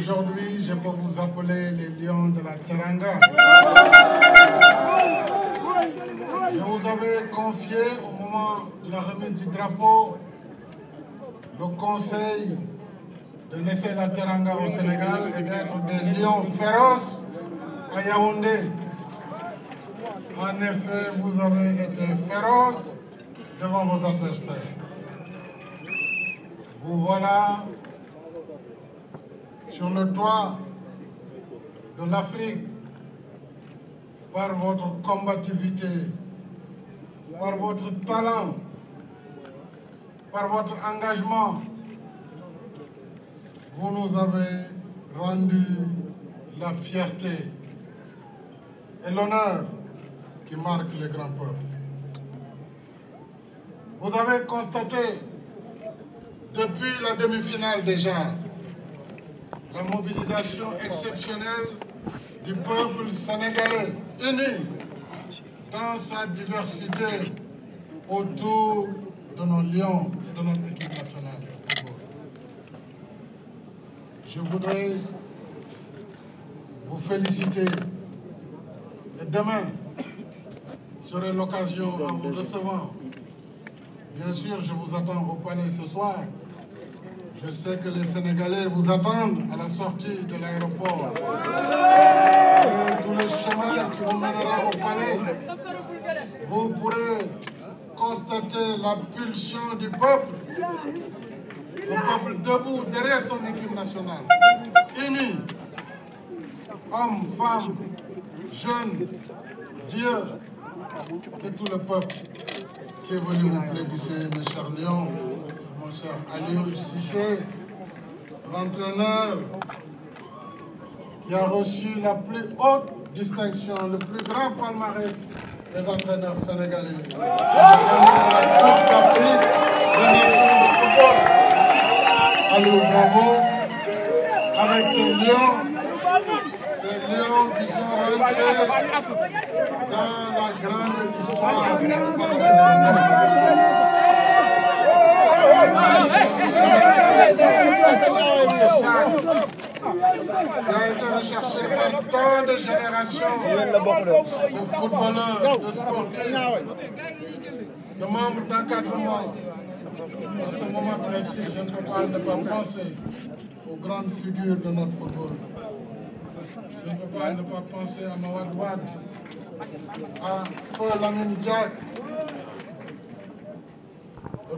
Aujourd'hui, je peux vous appeler les lions de la Teranga. Je vous avais confié au moment de la du drapeau le conseil de laisser la Teranga au Sénégal et d'être des lions féroces à Yaoundé. En effet, vous avez été féroces devant vos adversaires. Vous voilà sur le toit de l'Afrique par votre combativité, par votre talent, par votre engagement. Vous nous avez rendu la fierté et l'honneur qui marque les grands peuples. Vous avez constaté depuis la demi-finale déjà la mobilisation exceptionnelle du peuple sénégalais uni dans sa diversité autour de nos lions et de notre équipe nationale Je voudrais vous féliciter et demain j'aurai l'occasion en vous recevant. Bien sûr, je vous attends au palais ce soir. Je sais que les Sénégalais vous attendent à la sortie de l'aéroport. Et tout le chemin qui vous mènera au palais, vous pourrez constater la pulsion du peuple. Le peuple debout derrière son équipe nationale. Unis, hommes, femmes, jeunes, vieux, et tout le peuple qui est venu nous plébisser, mes chers lions. mon cher Aliou Cissé, l'entraîneur qui a reçu la plus haute distinction, le plus grand palmarès des entraîneurs sénégalais. Il a gagné la Coupe d'Afrique des nations de football. Aliou, bravo. Avec les Lions, ces Lions qui sont rentrés dans la grande histoire de a été recherché par tant de générations de footballeurs, de sportifs, de membres d'encadrement. En ce moment précis, je ne peux pas ne pas penser aux grandes figures de notre football. Je ne peux pas ne pas penser à Mawad Wad, à Paul Lamine Diack,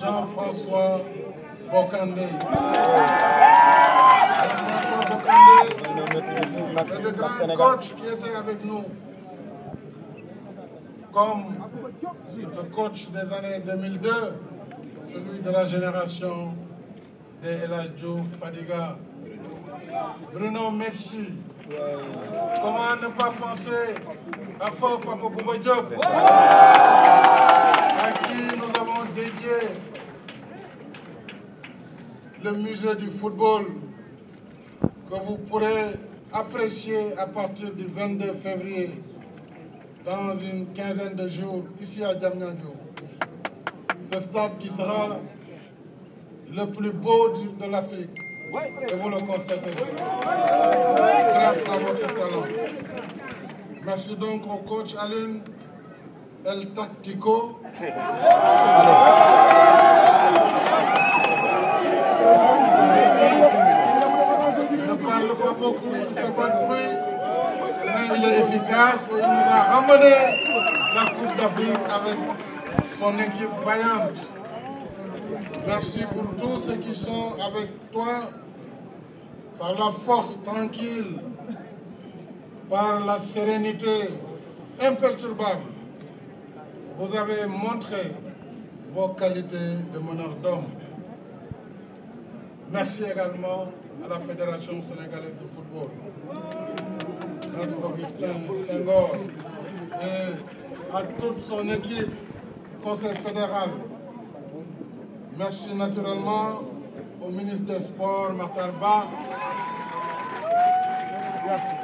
Jean-François Bocandé. jean de grands coachs qui étaient avec nous, comme le coach des années de la génération des El Hadj Fadiga. Bruno Metsu. Comment ne pas penser à Fort Papa Bouba Diop? le musée du football que vous pourrez apprécier à partir du 22 février dans une quinzaine de jours ici à Diamniadio. Ce stade qui sera le plus beau de l'Afrique et vous le constatez grâce à votre talent. Merci donc au coach Alun El Tactico. ne voit beaucoup, il fait pas de il est efficace et il nous a ramené la Coupe d'Afrique avec son équipe vaillante. pour tous ceux qui sont avec toi par la force tranquille, par la sérénité imperturbable. Vous avez montré vos qualités de meneur d'homme. Merci également à la Fédération sénégalaise de football. Notre Augustin Senghor et à toute son équipe Conseil fédéral. Merci naturellement au ministre des Sports, Matar Ba,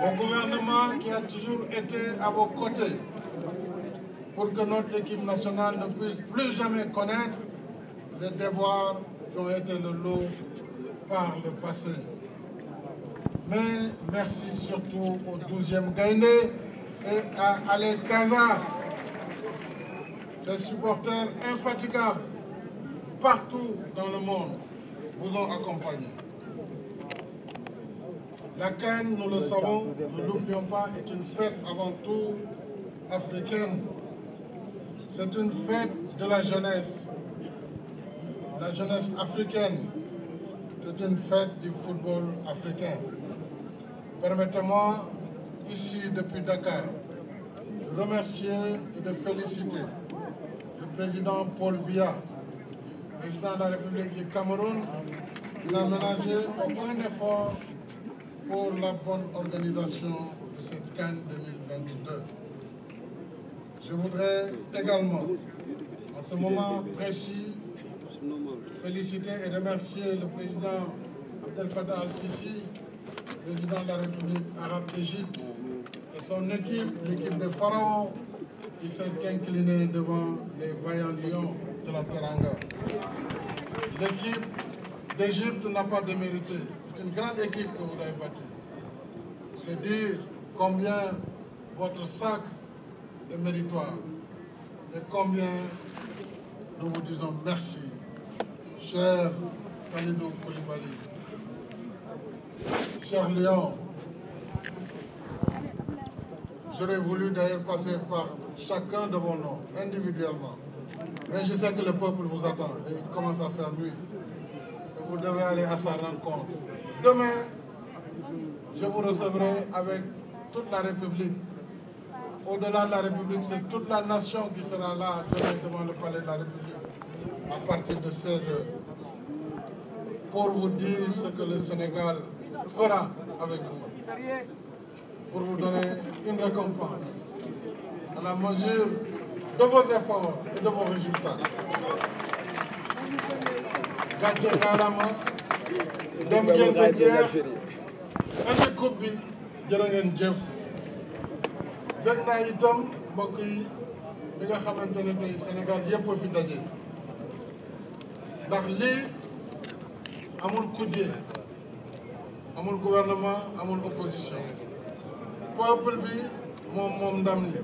au qui a toujours été à vos côtés pour que notre équipe nationale ne puisse plus jamais connaître les déboires qui ont été le lot par le passé. Mais merci surtout au 12e Gaïné et à Alain Kaza, ses supporters partout dans le monde vous ont accompagné. La nous le savons, ne l'oublions pas, est une fête avant tout africaine. C'est une fête de la jeunesse, la jeunesse africaine, c'est une fête du football africain. Permettez-moi, ici depuis Dakar, de remercier et de féliciter le président Paul Biya, président de la République du Cameroun, qui n'a ménagé aucun effort pour la bonne organisation de cette CAN Je voudrais également, en ce moment précis, féliciter et remercier le président Abdel Fattah al-Sisi, président de la République arabe d'Égypte, et son équipe, l'équipe de Pharaon, qui s'est inclinée devant les vaillants lions de la Teranga. L'équipe d'Égypte n'a pas démérité. C'est une grande équipe que vous avez battue. C'est dire combien votre sac est méritoire et combien nous vous disons merci. cher Kalidou Koulibaly, cher Léon, j'aurais voulu d'ailleurs passer par chacun de vos noms individuellement. Mais je sais que le peuple vous attend et commence à faire nuit. Et vous devez aller à sa Demain, je vous recevrai avec toute la République. Au-delà de la République, c'est toute la nation qui sera là demain devant le palais de la République. a partir de 16 pour vous dire ce que le Sénégal fera avec vous, pour vous donner une récompense à la mesure de vos efforts et de vos résultats. gàcce ngaalama dem ngeen ba jeex indi coupe bi jërë ngeen jëf dégg naa itam yi bi nga xamante ne tey Sénégal yëpp fi daje ndax lii amul kujje amul gouvernement amul opposition peuple bi moom moom ndam li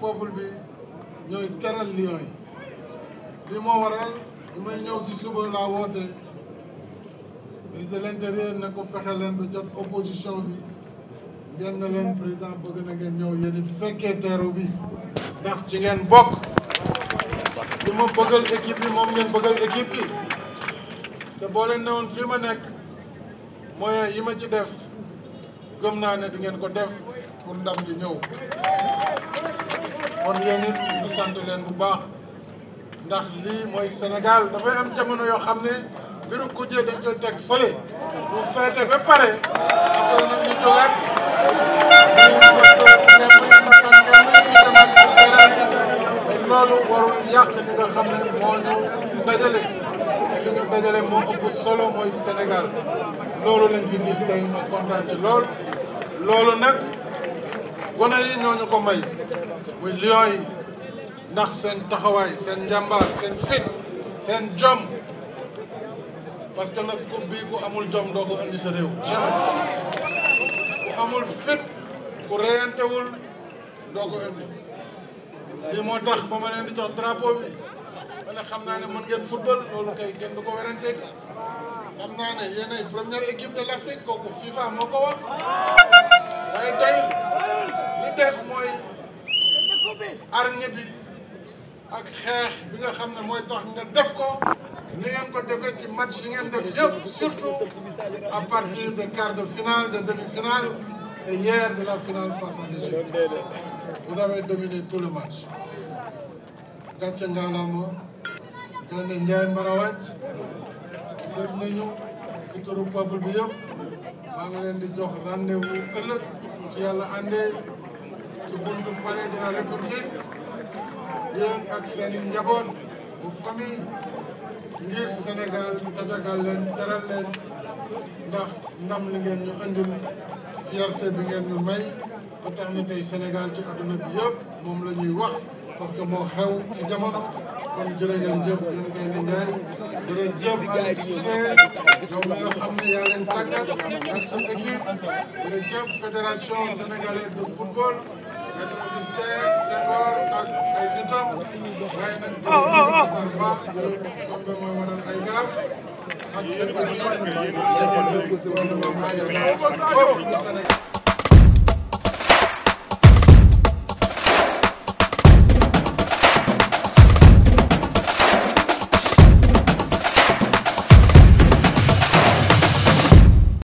peuple bi ñooy teral lion yi li moo waral li may ñëw si suba laa woote ministre de l'intérieur ne ko fexe leen ba jot opposition bi ngeen ne leen président bëgg na ngeen ñëw yéen it fekkee teeru bi ndax ci ngeen bokk li ma bëggal équipe bi moom ngeen bëggal équipe bi te boo leen newoon fii ma nekk moyen yi ma ci def gëm naa ne di ngeen ko def pour ndam ji ñëw kon yéen it ñu sant leen bu baax ndax lii mooy Sénégal dafay am jamono yoo xam ne mbiru kujje dañ koy teg fële bu feete ba pare après nag ñu jógaat ñu loolu warul yàq li nga ne moo ñu dajale moo ëpp solo mooy Sénégal loolu lañ fi gis ma kontaan lool loolu nag gone ñooñu ko may muy lion ndax seen taxawaay seen njàmbaar seen fit seen jom parce que nag coupe bi ku amul jom doo ko indi sa réew amul fit ku reyantewul doo ko indi lii moo tax ba ma leen di too drapeau bi ma ne xam naa ne moon ngeen football loolu kay kenn du ko werantee xam naa ne yéenay première équipe de l' Afrique kooku FIFA moo ko wax waaye tey li des mooy arñe bi ak xeex bi nga xam ne mooy tax nga def ko ni ngeen ko defee ci match yi ngeen def yëpp surtout à partir des quarts de finale de demi-finale et hier de la finale face à l'Égypte. Vous avez dominé tout le match. gàcce ngaalama gane Ndiaye Mbarawaj def nañu ci turu bi yëpp maa ngi leen di jox rendez-vous ëllëg ci yàlla àndee ci buntu palais de la république yéen ak seen i njaboot bu famille ngir Sénégal tatagal leen teral leen ndax ndam li ngeen ñu fierté bi ngeen ñu may ba tey Sénégal ci àdduna bi yëpp moom la ñuy wax parce que moo xew ci jamono kon jërë ngeen jëf yéen kay di jaay jërëjëf Aliou Cissé yow mi nga xam ne yaa leen ak sa équipe jërëjëf fédération sénégalaise de football nga dama gis tey Senghor ak ay nitam waaye nag jërëjëf Matar Ba yow comme ay gaaf ak seen parti